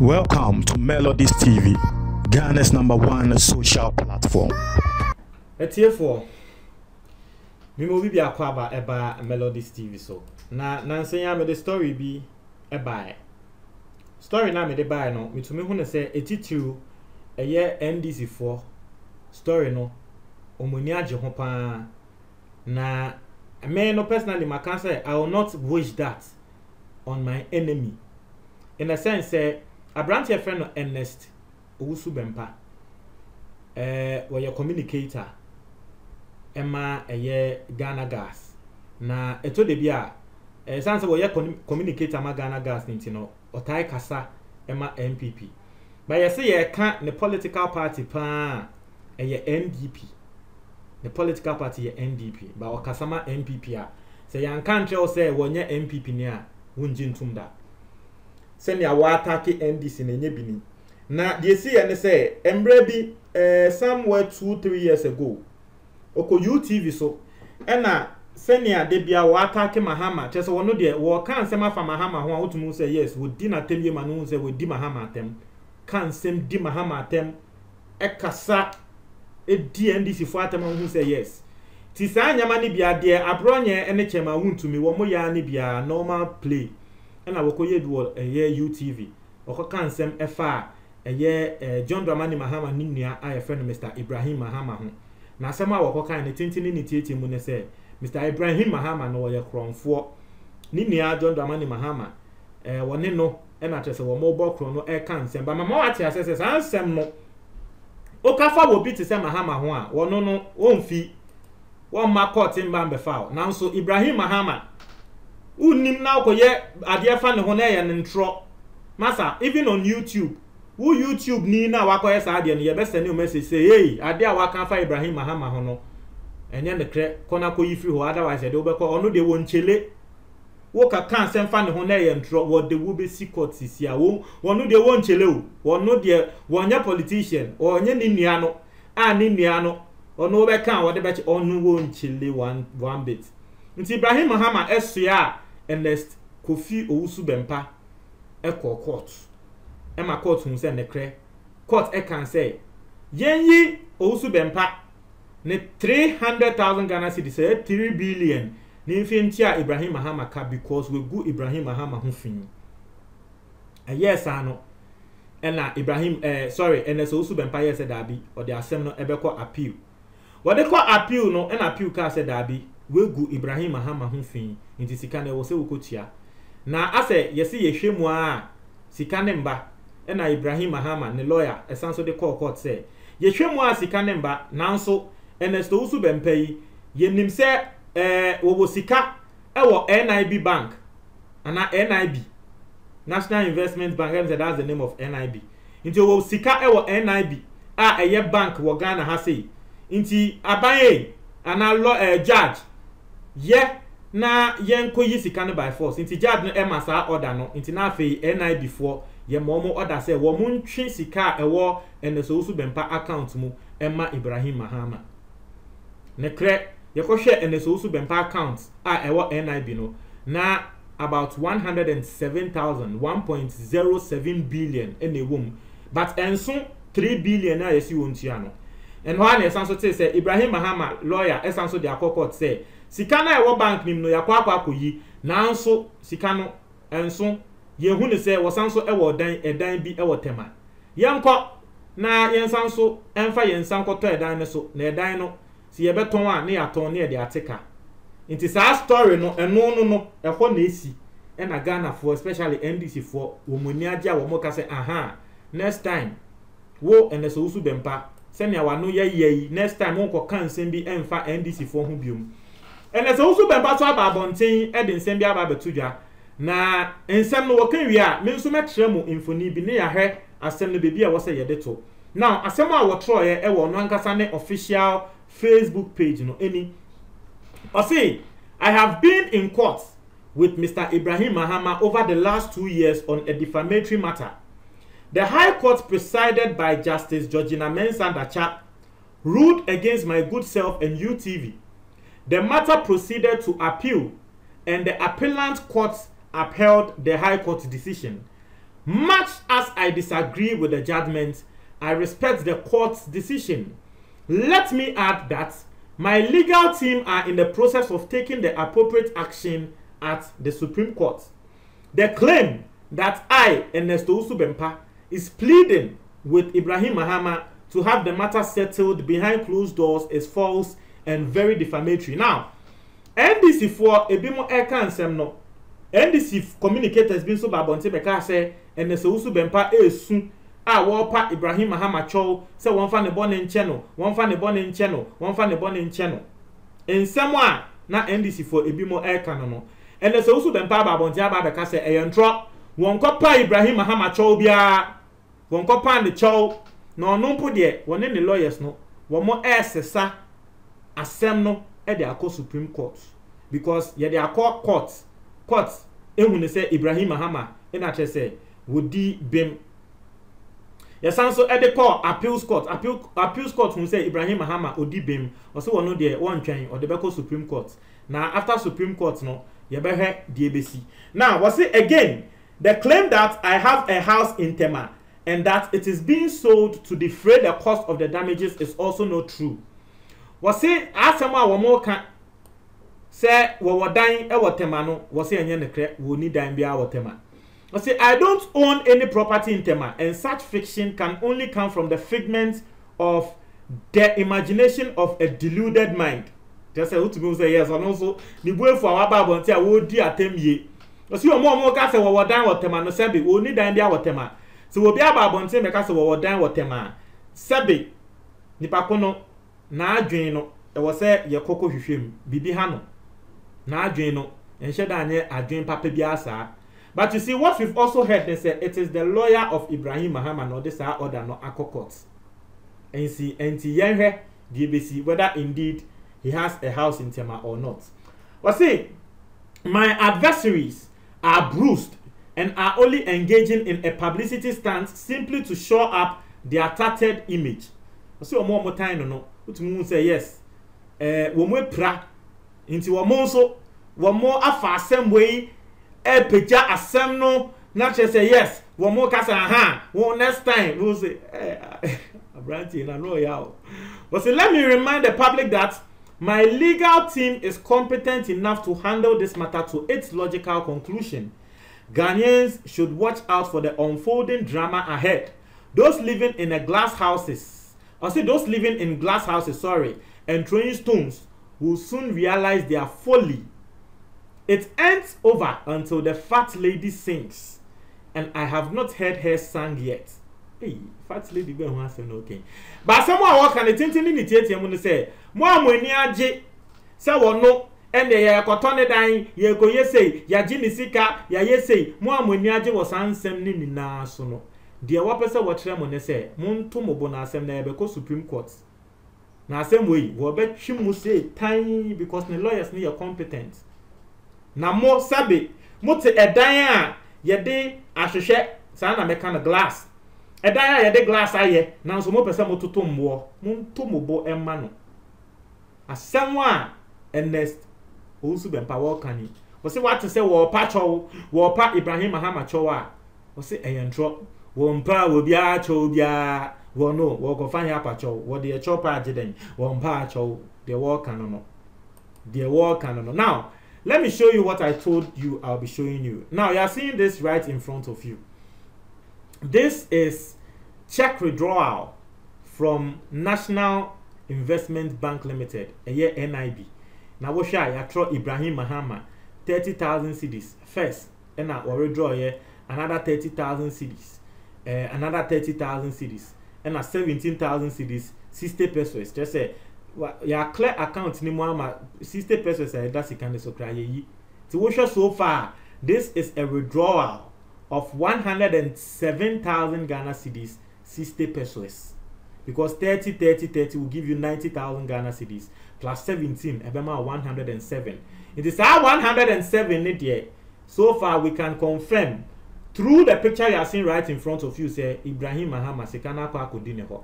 Welcome to Melodies TV, Ghana's number one social platform. here for, mi mo bibi akɔ aba About Melodies TV so. Na nansi ya mi de story bi ɛbae. Story na me de bae no, mi tumi hu ne two a year NDC foɔ story no, wɔn ani na. I me no personally my can say i will not wish that on my enemy in a sense sɛ eh, aberanteɛ fɛ no ernest owusu bɛmpa ɛɛ eh, your communicator Emma, ɛma ɛyɛ ghana gas na ɛtɔ de bi a eh, sense, san sɛ wɔyɛ communicator ma ghana gas ne ti no ɔtae kasa MPP. But you npp you yɛka the political party pa, paa your ndp The political party yɛ ndp ba ɔkasama npp a sɛ yɛanka nkyerɛ wo sɛ wɔnyɛ npp ni a wongye ntom da sɛnea wɔatake ndc na ɛnyɛ bi ni na deɛ si yɛ ne sɛ mmerɛ bi eh, somewhere two three years ago ɔkɔ utv so ɛna sɛnea de bia wɔatake mahama kyerɛ sɛ wɔno deɛ wɔka nsɛm afa mahama ho a wotumi sɛ yes wɔdi n'atɛm yie ma no hu sɛ wɔdi mahama atɛm ka nsɛm di mahama atɛm ɛkasa ɛdi ndc fo atɛm ho sɛ yes ti saa nyama no bia deɛ aborɔnyɛ ne kyɛma wontumi wɔ mo yaa no bia normal play ɛna wɔkɔyɛ du wɔ ɛyɛ utv wɔkɔka nsɛm ɛfa a ɛyɛ ɛɛ john dramani mahama ne nua a yɛfrɛ no mr ibrahim mahama ho na asɛm a wɔkɔka ne tenten ne tietie mu ne sɛ mr ibrahim mahama no wɔyɛ korɔnfoɔ ne nua john dramani mahama ɛɛ wɔne no ɛna kyerɛ sɛ wɔn bɔ korɔn no ɛka nsɛm ba mama wate asɛ sɛ saa nsɛm no okafa wɔ bi te sɛ mahama ho a wɔno no wɔmfi wɔmma kɔɔte mba mbɛfa o nanso ibrahim mahama wonnim na wokɔyɛ adeɛ fa ne ho na ɛyɛ ne ntorɔ masa even on youtube wo youtube ni na wakɔyɛ saa adeɛ no yɛbɛsɛne wo message sɛ ei adeɛ a waka fa ibrahim mahama ho no ɛnyɛ nekorɛ kɔ na kɔyi firi hɔ otherwise ɛde wobɛkɔ ɔno deɛ wɔnkyele wɔkaka nsɛm mfa ne ho na ɛyɛ ntorɔ wɔde wo bɛsi court sisi a wɔn wɔn deɛ wɔnkyele o wɔn deɛ politician ne nua no a ne nua no a wɔde bɛkyɛ one one bit nti ibrahim mahama ɛsoa a ernest kofi owusu bɛmpa ɛkɔ court ɛma court hu sɛ court ɛka sɛ yɛnyi owusu bɛmpa ne three hundred thousand ghana cedis billion. ne mfientia ibrahim mahama ka because wegu ibrahim mahama ho fi ɛyɛ saa no ɛna ibrahim ɛɛ eh, sorry ɛnɛ sɛ osu bɛmpa yɛ sɛ daabi ɔde asɛm no ɛbɛkɔ appeal wɔde kɔ appeal no ɛna appeal kaa sɛ daabi wegu ibrahim mahama ho fi nti sika no ɛwɔ sɛ wɔkɔtua na asɛ yɛsi yɛhwɛ mu a sika ne mba ɛna ibrahim mahama ne lawyer ɛsan so de kɔɔ court sɛ yɛhwɛ mu a sika ne mba nanso ɛnɛ sɛ osu bɛmpa yi yɛnim sɛ ee eh, wowɔ sika ɛwɔ eh, nib bank ana nib national investment bank ɛmu sɛ that's the name of nib nti wowɔ sika ɛwɔ eh, nib a ɛyɛ bank wɔ ghana ha sei nti abaye ana lɔ ɛɛ judge yɛ na yɛnkɔ yi sika no by force nti judge no ɛma saa order no nti n'afei nib foɔ yɛ ma ɔmo ɔda sɛ wɔn ntwe sika a ɛwɔ ɛnɛsɛwosu bɛmpa account mu ɛma ibrahim mahama ne korɛ yɛkɔhwɛ nso so bɛmpa account a ɛwɔ nib no na about one hundred and seven thousand one point zero seven billion ɛna ɛwɔ mu but nso three billion a yɛsi wɔn tua no ɛnhɔ a na ɛsan so te sɛ ibrahim mahama lawyer ɛsan so de akɔ court sɛ sika no a ɛwɔ bank nim no yɛakɔ akɔ akɔyi nanso sika no nso yɛhu ne sɛ wɔsan so ɛwɔ ɛdan ɛdan bi ɛwɔ tɛma yɛnkɔ na yɛnsan so ɛnfa yɛnsan kɔtɔ ɛdan no so na ɛdan no si yɛbɛtɔn a ne yɛatɔn ne yɛde ate ka nti saa story no ɛno no no ɛhɔ na esi ɛna ghanafoɔ especially ndc foɔ wɔn ani agye a wɔn ka sɛ aha next time wo ɛnɛsɛwusu bɛmpa sɛnea wano yɛ yɛ yi next time wɔn kɔ ka nsɛm bi ɛnfa ndc foɔ ho biom ɛnɛsɛwusu bɛmpa so aba abɔnten ɛde nsɛm bi aba abɛto dwa na nsɛm no wɔka wie a me nso mɛkyerɛ mu mfoni bi ne yɛahwɛ asɛm no beebi a wɔsɛ yɛde to now asɛm a wɔtwerɛeɛ ɛwɔ ɔno ankasa ne official facebook page you know any? ɛni ɔsi i have been in court with mr ibrahim mahama over the last two years on a defamatory matter the high court presided by justice georgina mensandacha ruled against my good self and utv the matter proceeded to appeal and the appellant court upheld the high court decision much as i disagree with the judgment i respect the court's decision Let me add that my legal team are in the process of taking the appropriate action at the Supreme Court. The claim that I, Ernesto Usubempa, is pleading with Ibrahim Mahama to have the matter settled behind closed doors is false and very defamatory. Now, NDC for Ebimo Eka Nsem no, NDC communicators been so bad babonte beka se, Ernesto Usubempa soon a wɔrepa ibrahim ahamakyɛw sɛ wɔmfa ne bɔne nkyɛ no wɔmfa ne bɔne nkyɛ no wɔmfa ne bɔne nkyɛ no nsɛm a na ndc fo ebi mo ɛka no no ɛnɛ sɛ wosu bɛmpa aba abɔnten aba abɛka sɛ ɛyɛ ntorɔ wɔn kɔpa ibrahim ahamakyɛw biara wɔn kɔpa ne kyɛw na ɔno mpo deɛ wɔne ne lawyers no wɔn ɛresesa asɛm no ɛde akɔ supreme court because yɛde akɔ court court ehu ne sɛ ibrahim ahama ɛna kyerɛ sɛ wodi bem yɛsan so ɛde kɔ appeals court appeal appeals court hun sɛ ibrahim mahama odi bem ɔsɛ wɔn no deɛ wɔntwɛn ɔde bɛkɔ supreme court na after supreme court no yɛbɛhwɛ deɛ bɛsi now wɔsɛ again they claim that i have a house in tema and that it is being sold to defray the cost of the damages is also not true wɔsɛ asɛm a wɔn ka sɛ wɔwɔ dan ɛwɔ tema no wɔsɛ ɛnyɛ nekorɛ wɔn ni dan biara wɔ tema. I say, I don't own any property in Tema, and such fiction can only come from the figment of the imagination of a deluded mind. Just say, to me, say, yes, and also, the way for our Bible, and say, I will do a tem ye. I see, your mom, I say, well, down what Tema, no, Sebi, we need down there Tema. So, we'll be a Bible, and say, make us, well, down what Tema. Sebi, Nipakono, na adwene no, ɛwɔ e sɛ yɛkɔkɔ hwehwɛ mu, bibi ha no, na adwene no, ɛnhyɛ da anyɛ adwene papa bi asaa but you see what we've also heard they say it is the lawyer of ibrahim mahama na this saa uh, order no akɔ court nti nti yɛn hwɛ deɛ besi whether indeed he has a house in tema or not see, my adversaries are bruised and are only engaging in a publicity stance simply to shore up their tattered image wɔsi wɔn a more time no no wotumi hu say yes Uh, eh, ɛɛ wɔn apira nti wɔn nso wɔn afa asɛm wɔ yi ɛpagya asɛm no na kyerɛ sɛ yes wɔn mo kasa aha wɔn next time wɔn sɛ ɛɛ eh, eh, aberanteɛ na no ɔyɛ o but say let me remind the public that my legal team is competent enough to handle this matter to its logical conclusion ghanaians should watch out for the unfolding drama ahead those living in a glass houses or say those living in glass houses sorry and throwing stones will soon realize their folly It ends over until the fat lady sings, and I have not heard her sing yet. Hey, fat lady bẹ́ẹ̀ hún asẹ́m náà kẹ́yìn. Bàṣẹ mu àwọn kan ní tíntín ní ní tiẹ̀tiẹ̀ mu ni sẹ́, mu àmọ̀ ẹni agye sẹ́ wọ́n nọ ɛnna yɛkɔtɔ ne dan yɛkɔyɛ sei yɛagye ne sika yɛayɛ sei mu a mo say, agye wɔ saa nsɛm ne nyinaa so no deɛ wɔpɛ sɛ wɔkyerɛ mo ne sɛ monto mo bo n'asɛm na yɛbɛkɔ supreme court n'asɛm wɔ yi wɔbɛtwe mo sei tan because the lawyers ne yɛ competent na mo sabe mote ɛdan a yɛde ahwehwɛ saa na mɛka no glass ɛdan a yɛde glass ayɛ nanso mo pɛ sɛ mo toto mmoɔ mo nto mo bo ɛma no asɛm a ernest owusu bɛmpa wɔɔka ni wɔsi wate sɛ wɔɔpa kyɛw wɔɔpa ibrahim mahama kyɛw a wɔsi ɛyɛ ntorɔ wɔn mpa wɔ biara kyɛw wɔkɔfa yɛ apa kyɛw wɔde ɛkyɛw pa gye dɛn wɔn mpa akyɛw deɛ wɔɔka no no deɛ wɔɔka no no now let me show you what i told you i'll be showing you now you are seeing this right in front of you this is check withdrawal from national investment bank limited ɛyɛ nib Now, na wohwɛ a draw ibrahim mahama 30000 cedis first and ɛna withdraw here another 30000 cedis ɛɛ uh, eh, another 30000 cedis ɛna 17000 cedis 60 pesos Just say clear account no mu ama 60 pesos a yɛda sika no so kora yɛyi nti wohwɛ so far this is a withdrawal of 107000 ghana cedis sixty pesos because 30 30 30 will give you 90000 ghana cedis plus 17 ɛbɛma 107 nti saa 107 ne deɛ so far we can confirm through the picture you are seeing right in front of you sɛ ibrahim mahama sika no akɔ akɔdi ne hɔ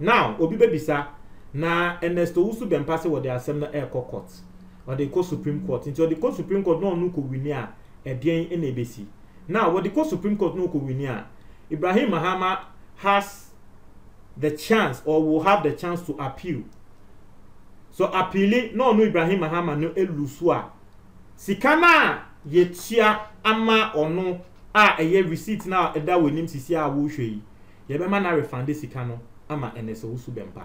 now obi bɛbisa na ernesto wusu bɛmpa sɛ wɔde asɛm no ɛrekɔ court wɔde kɔ supreme court nti wɔde kɔ supreme court na ɔno kɔ wini a ɛdeɛn e na ebesi na wɔde kɔ supreme court na ɔkɔ wini a ibrahim mahama has the chance or will have the chance to appeal so appealing na ɔno ibrahim mahama no elu so a sika no a yɛtua ama ɔno a ɛyɛ receipt na ɛda wɔ anim sisi a wɔrehwɛ yi yɛbɛma na refund sika no ama ernesto wusu Bempa."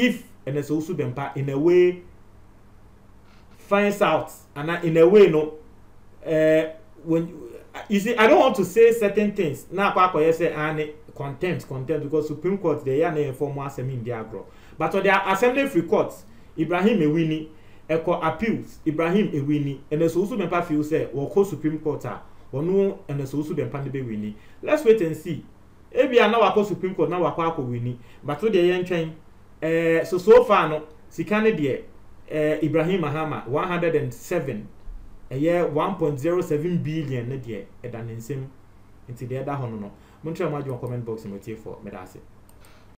if ɛnna sɛ wosu bɛmpa in a way finds out and in a way no uh, when you see i don't want to say certain things na akɔ akɔyɛ sɛ ani contempt contempt because supreme court de yɛ anayɛ fɔ mu asɛm ndi agorɔ but ɔde assembly free court ibrahim ewini ɛkɔ appeals ibrahim ewini ɛnna sɛ wosu bɛmpa feel sɛ wɔkɔ supreme court a ah, wɔn ɛnna sɛ wosu bɛmpa ne bɛ wini let's wait and see ebi a na wakɔ supreme court na wakɔ akɔ wini but o de yɛ ntwɛn ɛɛ eh, so so far no sika ne deɛ ɛɛ eh, ibrahim mahama one hundred and seven ɛyɛ one point zero seven billion ne deɛ ɛda ne nsam nti deɛ ɛda hɔ no no mo n tura mo adwuma comment box mo tie for mɛ da